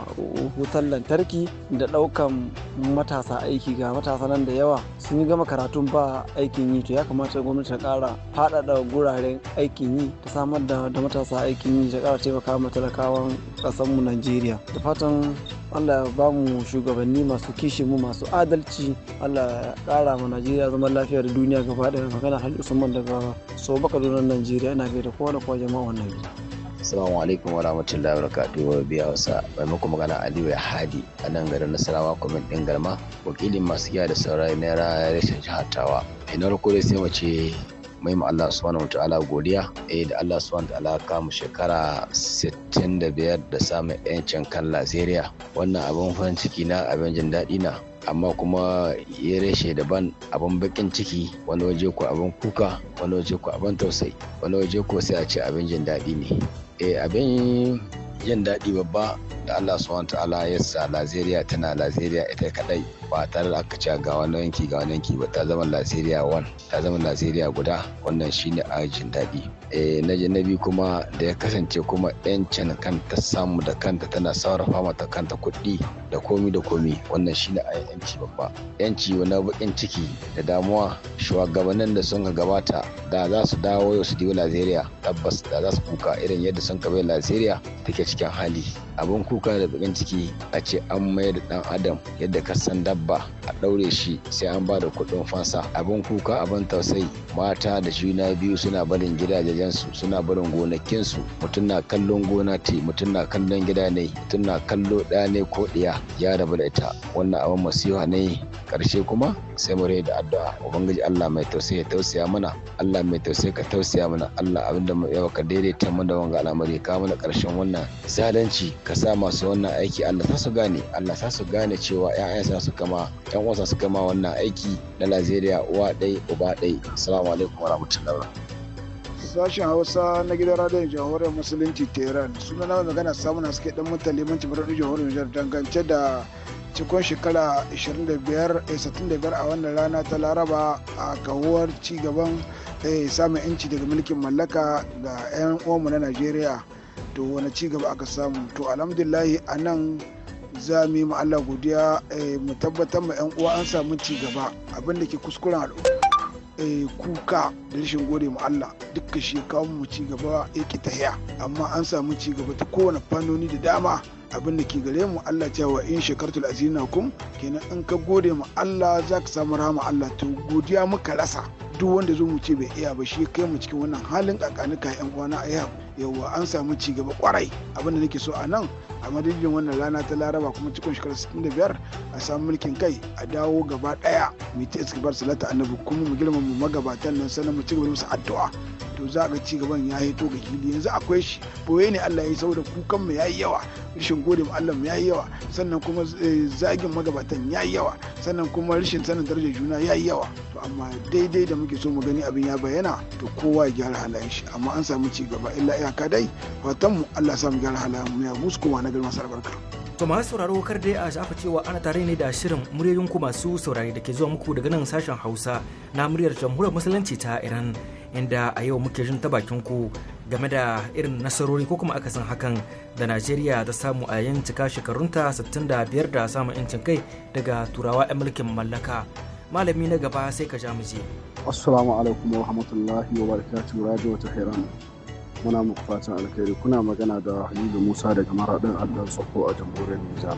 wutar lantarki da ɗaukan matasa aiki ga matasa nan da yawa sun yi gama karatun ba aikin yi to ya kamata gwamnati ta ƙara faɗaɗa guraren aikin yi ta samar da matasa aikin yi ta ƙara taimaka ma talakawan ƙasarmu Najeriya. da fatan allah ya ba mu shugabanni masu kishi mu masu adalci allah ya kara ma najeriya zaman lafiya da duniya gaba ɗaya magana hali usman daga so baka donon najeriya ina gaida kowa da kowa jama'a wannan Assalamu alaikum wa rahmatullahi wa barakatuhu wa biya wasa bai muku magana Aliyu Hadi a nan garin Nasarawa kwamin din Garma wakilin masu da saurayi na rashin jihar Tawa. Ina kure sai mace mai ma Allah subhanahu wataala godiya eh da Allah subhanahu wataala mu shekara 65 da samun yancin kan Najeriya wannan abin farin ciki na abin jin daɗi na amma kuma ya reshe daban abin bakin ciki wani waje ko abin kuka wani waje ko abin tausayi wani waje ko sai a ce abin jin daɗi ne Eh, abin yin daɗi babba da Allah subhanahu ta'ala ya sa Lazeriya tana Lazeriya ita kadai ba tare da aka ce ga wani yanki ga wani yanki ba ta zama Lazeriya 1 ta zama Lazeriya guda wannan shine ajin daɗi Eh, na biyu kuma da ya kasance kuma yancin kanta samu da kanta tana sarrafa mata kanta kuɗi da komi da komi wannan ne a yanci babba yanci wani bakin ciki da damuwa shugabannin da sun gabata da za su dawo yau su diwa Najeriya tabbas da za su kuka irin yadda sun kabe Najeriya take cikin hali abin kuka da bakin ciki a ce an mayar da dan adam yadda ka san dabba a ɗaure shi sai an ba da kuɗin fansa abin kuka abin tausayi mata da juna biyu suna barin gidajensu suna barin gonakinsu mutum na kallon gona te mutum na kallon gida ne mutum na kallo ɗaya ne ko ɗiya ya rabu da ita wannan abin masifa ne ƙarshe kuma sai mu da addu'a ubangiji Allah mai tausayi ya tausaya mana Allah mai tausayi ka tausaya mana Allah abinda mu yawa ka daidaita mu da wanga al'amari ka mana karshen wannan zalunci ka sa masu wannan aiki Allah sa su gane Allah sa su gane cewa ƴaƴan sa su kama ƴan uwansa su kama wannan aiki na Najeriya uwa ɗai uba ɗai assalamu alaikum warahmatullahi wabarakatuh sashen hausa na gidan radiyon jamhuriyar musulunci tehran suna na magana samun haske dan mutane mun da jamhuriyar nijar dangance da cikon shekara 25 eh, a wannan rana ta laraba a kawuwar cigaban eh, samun inci daga mulkin mallaka ga 'yan uwanmu na najeriya to wani cigaba aka samu to alhamdulillahi a nan za mu yi allah godiya eh, mu tabbatar ma 'yan uwa an samu cigaba abinda ke kuskuren kuka da rashin gode mu Allah duka shi kawo mu ci gaba amma an samu cigaba gaba ta kowane fannoni da dama abin da ke gare mu Allah cewa in shekartul azina kum kenan in ka gode ma Allah za ka samu rahama Allah to godiya muka rasa duk wanda zo mu ce bai iya ba shi kai mu cikin wannan halin kakanuka yan uwana na yau yauwa an samu cigaba gaba kwarai abin da nake so a nan a madadin wannan rana ta laraba kuma cikin shekarar 65 a samu mulkin kai a dawo gaba daya mu ta iskibar salata annabi kuma mu girma mu magabatan nan sannan mu ci gaba musu addu'a to za ga ci gaban ya hito ga gidi yanzu akwai shi boye ne Allah ya yi saboda kukan mu yayi yawa rashin gode mu Allah mu yayi yawa sannan kuma eh, zagin magabatan yayi yawa sannan kuma rashin sanin darajar juna yayi yawa to amma daidai da muke so mu gani abin ya bayyana to kowa ya gyara halayen shi amma an samu cigaba gaba illa iyaka dai fatan mu Allah ya samu gyara halayen mu ya musu kuma na girman albarka. To masu sauraro kar dai a shafa cewa ana tare ne da shirin muryoyin ku masu saurari da ke zuwa muku daga nan sashen Hausa na muryar jamhuriyar musulunci ta Iran inda a yau muke jin ta bakin ku game da irin nasarori ko kuma akasin hakan da Najeriya da samu a yayin cika shekarunta 65 da samun 'yancin kai daga turawa 'yan mulkin mallaka. Malami na gaba sai ka ja mu je. Assalamu alaikum wa rahmatullahi wa barakatuh Radio muna muku fatan alkhairi kuna magana da halilu musa daga maraɗin allah tsoko a jamhuriyar nijar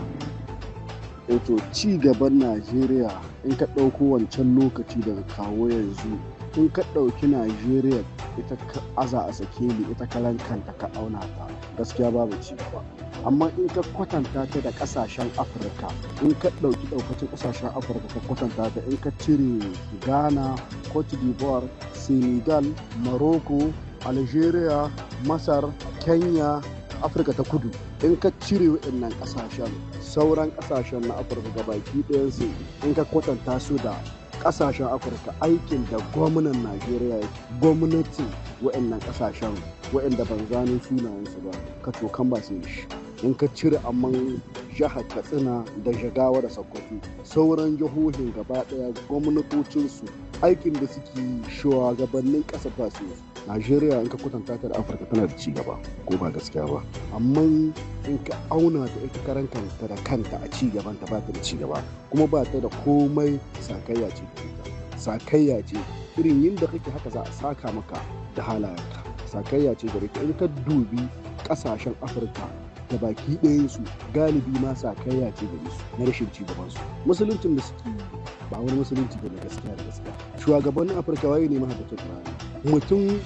wato eh ci gaban najeriya in ka ɗauko wancan lokaci daga kawo yanzu in ka ɗauki najeriya ita ka aza a ni ita kalan kanta ka auna ta gaskiya babu ci gaba amma in ka kwatanta ta da kasashen afirka in ka ɗauki ɗaukacin kasashen afirka ka kwatanta ta in ka cire ghana cote d'ivoire senegal morocco algeria masar kenya afirka ta kudu in ka cire waɗannan ƙasashen sauran ƙasashen na afirka gabaki ɗayansu in ka kwatanta su da ƙasashen afirka aikin da gwamnan najeriya gwamnati waɗannan ƙasashen waɗanda ban gano sunayensu ba ka tokan ba su yi shi in ka cire amman jihar katsina da jagawa da sokoto sauran jihohin gaba daya gwamnatocinsu aikin da suke shugabannin ƙasa ba su najeriya in ka kwatanta ta da afirka tana da cigaba ko ba gaskiya ba amma in ka auna da ita karan kanta da kanta a cigaban ta ba ta da cigaba kuma ba ta da komai sakayya ce sakayya ce irin yin kake haka za a saka maka da halayenka sakayya ce gare ka in ka dubi ƙasashen afirka ga baki su galibi ma sa sakayya ce gare su na rashin ci gaban su. musuluncin da suke ba wani musulunci da gaskiya da gaskiya shugaban afirka waye ne mahaifin rana mutum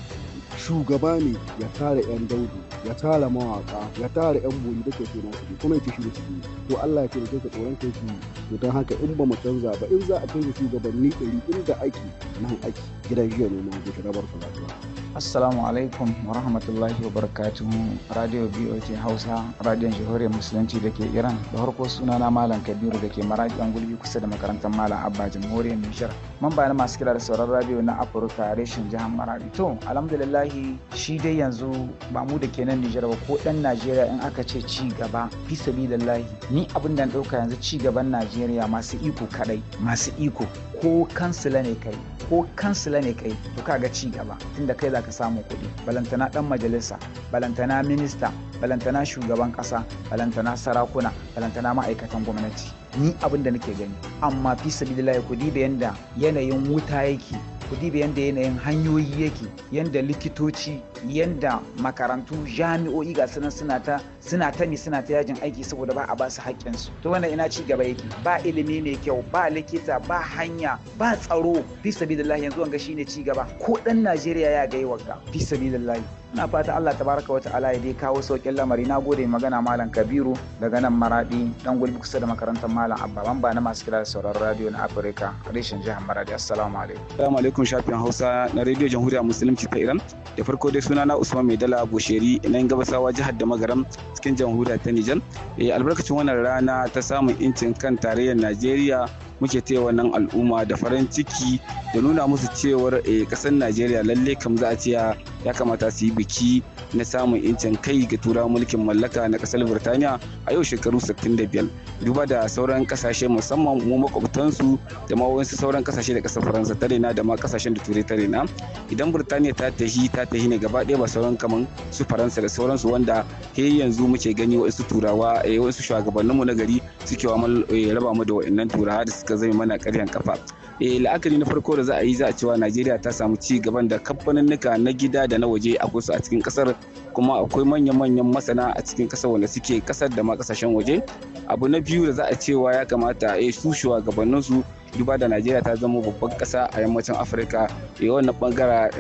shugaba ne ya tara 'yan daudu ya tara mawaka ya tara 'yan bori da kai tona su kuma ya shiru ciki to Allah ya taimake ka tsoron kai ki to dan haka in ba mu canza ba in za a kai shugabanni ɗari inda ake nan ake gidan jiya ne na ga rabar kula Assalamu alaikum wa rahmatullahi wa barakatuhu Radio BOT Hausa, Radiyon Jihoriyar Musulunci da ke Iran, da harko suna na Malam Kabiru da ke maraƙi an gulbi kusa da makarantar Malam Abba Jamhuriyar Nijar. ba na masu kira da sauran radio na Afirka reshen jihar Maradi. To, alhamdulillahi shi dai yanzu ba mu da ke nan Nijar ba ko ɗan Najeriya in aka ce ci gaba fi sabilillahi. Ni abin da ɗauka yanzu ci gaban Najeriya masu iko kaɗai, masu iko ko kansila ne kai, ko kansila ne kai, to kaga ci gaba. Tunda kai za ka samu kuɗi balantana ɗan majalisa balantana minista balantana shugaban ƙasa balantana sarakuna balantana ma'aikatan gwamnati ni abin da nake gani amma fi sabilillahi kuɗi da yanda yanayin wuta yake kuɗi da yanda yanayin hanyoyi yake yanda likitoci yadda makarantu jami'o'i ga sunan suna ta suna ta mi suna ta yajin aiki saboda ba a ba su haƙƙinsu to wannan ina ci gaba yake ba ilimi mai kyau ba likita ba hanya ba tsaro fi sabilillahi yanzu wanga shine ci gaba ko dan Najeriya ya ga yawa fi sabilillahi ina fata Allah tabaraka wa ta'ala ya dai kawo saukin lamari na gode magana malam Kabiru daga nan Maradi dan gulbi kusa da makarantar malam Abba ba na masu kira da sauraron radio na Afirka reshen jihar Maradi assalamu alaikum assalamu alaikum shafin Hausa na radio Jamhuriyar Musulunci ta Iran da farko dai sunana usman mai dala busheri nan gabasawa jihar da magaram cikin jamhuriyar ta nijar eh, albarkacin wannan rana ta samun incin kan tarayyar najeriya muke taya wannan al'umma da farin ciki da nuna musu cewar a eh, kasar najeriya lalle kam za a ciya ya kamata su yi biki na samun incin kai ga turawan mulkin mallaka na kasar birtaniya a yau shekaru 65 duba da sauran kasashe musamman mu makwabtansu da ma wasu sauran kasashe da kasar faransa ta rena da ma kasashen da turai ta rena idan birtaniya ta tahi ta tahi ne gaba ɗaya ba sauran kaman su faransa da sauransu wanda he yanzu muke gani wasu turawa eh, wasu shugabanninmu na gari suke wa eh, raba mu da wa'annan turawa da suka zai mana karyan kafa eh la'akari na farko da za a yi za a cewa najeriya ta samu ci gaban da kamfaninnika na gida da na waje akwai su a cikin kasar kuma akwai manya-manyan masana a cikin kasar wanda suke kasar da ma kasashen waje abu na biyu da za a cewa ya kamata eh su shugabanninsu su duba da najeriya ta zama babban kasa a yammacin afirka eh, wannan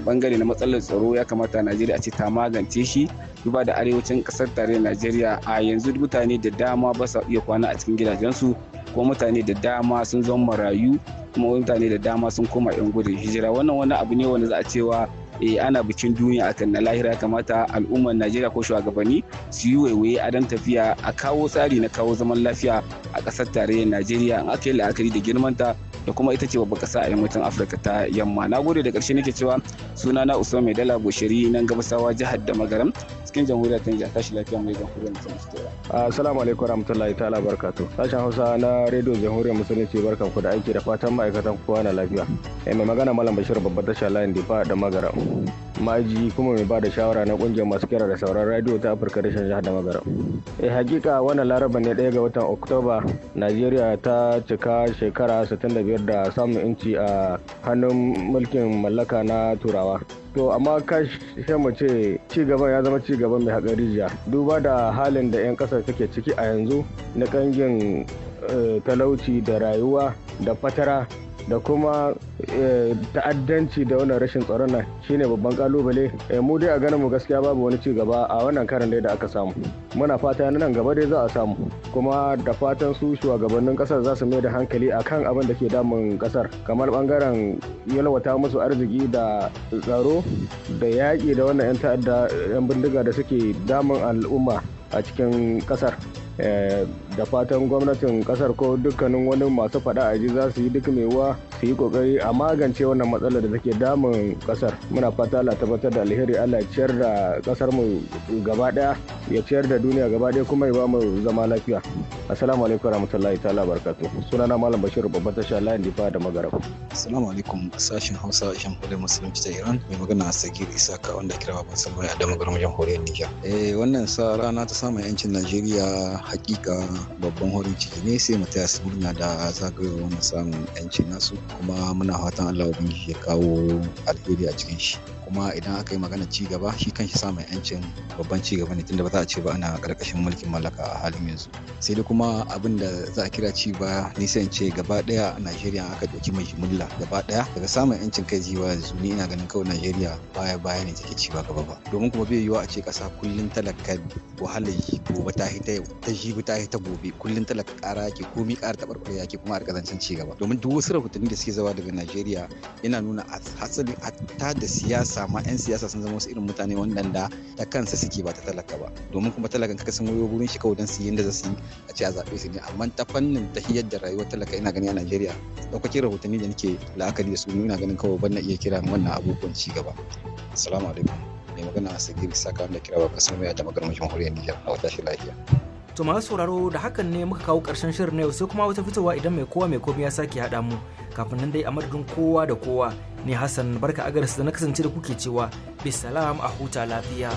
bangare na matsalar tsaro ya kamata najeriya ce ta magance shi duba da arewacin kasar tarayyar najeriya a yanzu mutane da dama ba sa iya kwana a cikin gidajensu Ko mutane da dama sun zama marayu kuma mutane da dama sun koma 'yan gudun hijira wannan wani abu ne wanda za a cewa Eh, ana bikin duniya a kan na lahira kamata al'ummar najeriya ko shugabanni su yi waiwaye a dan tafiya a kawo tsari na kawo zaman lafiya a ƙasar tarayyar najeriya in aka yi la'akari da girmanta da kuma ita ce babbar ƙasa a yammacin afirka ta yamma na gode da ƙarshe nake cewa suna na usman mai dala bosheri nan gabasawa jihar da magaram cikin jamhuriyar ta nijar tashi lafiya mai jamhuriyar musulunci ta assalamu alaikum warahmatullahi ta'ala barkatu sashen hausa na rediyo jamhuriyar musulunci barkan ku da aiki da fatan ma'aikatan kowa na lafiya eh, mai magana malam bashir babbar tashar layin difa da magaram ma'aji kuma mai bada shawara na kungiyar masu kira da sauran radio ta afirka da shan da magara e eh, hakika wannan laraba ne daya ga watan oktoba najeriya ta cika shekara 65 da samun inci a hannun mulkin mallaka na turawa to amma kash mu ce ci gaban ya zama ci gaban mai haƙar jiya duba da halin da 'yan kasar take ciki a yanzu na kangin eh, talauci da rayuwa da fatara da kuma eh, ta'addanci da wannan rashin tsaron nan shine babban kalubale eh, mu dai a ganin mu gaskiya babu wani ci gaba a wannan karin da aka samu muna fata na nan gaba dai za a samu kuma da fatan su shugabannin kasar za su mai da hankali akan abin da ke damun kasar kamar bangaren yalwata musu arziki da tsaro da yaƙi da wannan 'yan ta'adda 'yan bindiga da suke damun al'umma a cikin kasar eh, da fatan gwamnatin kasar ko dukkanin wani masu fada a ji za su yi duk mewa su yi kokari a magance wannan matsalar da take damun kasar muna fata la tabbatar da alheri Allah ya ciyar da kasar mu gaba daya ya ciyar da duniya gaba daya kuma ya ba mu zama lafiya assalamu alaikum warahmatullahi ta'ala suna sunana malam bashir babban tasha layin difa da magarab assalamu alaikum sashin hausa jamhuriyar musulunci ta iran mai magana isa ka wanda kira baban salmai a damar jamhuriyar nijar eh wannan sa rana ta samun yancin najeriya hakika babban horin ciki ne sai mu taya su murna da zagayowar wannan samun yanci nasu kuma muna fatan Allah ubangiji ya kawo alheri a cikin shi kuma idan aka yi magana ci gaba shi kanshi samun yancin babban ci gaba ne tunda ba za a ce ba ana karkashin mulkin mallaka a halin yanzu sai dai kuma abin da za a kira ci ba nisan ce gaba daya Najeriya aka dauki mai jimilla gaba daya daga samun yancin kai zuwa yanzu ni ina ganin kawai Najeriya baya baya ne take ci ba gaba ba domin kuma bai yiwa a ce kasa kullun talaka wahala gobe ta hita ta jibi ta hita gobe kullun talaka kara yake komi kara tabarbare yake kuma a kazancin ci gaba domin duk wasu rahotanni da suke zawa daga Najeriya yana nuna hasali hatta da siyasa amma 'yan siyasa sun zama wasu irin mutane da ta kansa suke ba ta talaka ba domin kuma talakan kaka sun wuyo gurin shi kawai don su yi yadda za yi a ce a zaɓe su ne amma ta fannin ta hiyar da rayuwar talaka ina gani a Najeriya ɗaukakin rahotanni da nake la'akari da su ina ganin kawai ban na iya kira wannan abubuwan ci gaba. Assalamu alaikum. Mai magana a Sagir Saka wanda kira ba kasar mai ta maganar jamhuriyar Nijar a wata shi lafiya. To masu sauraro da hakan ne muka kawo karshen shirin na yau sai kuma wata fitowa idan mai kowa mai komai ya sake haɗa mu kafin nan dai a madadin kowa da kowa ne Hassan barka agarsu da na kasance da kuke cewa bisalam a huta lafiya.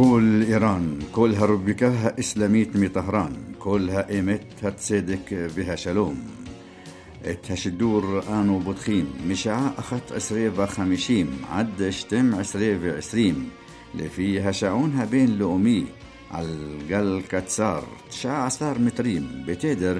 كل إيران كلها ربكها إسلاميت مي طهران كلها إيمت هتصدق بها شلوم الدور آنو بطخيم مشاع أخت عسرية وخمشيم عد شتم عسرية وعسريم لفي هشعونها بين لؤمي على الجل كتسار تشاع عصار متريم بتدر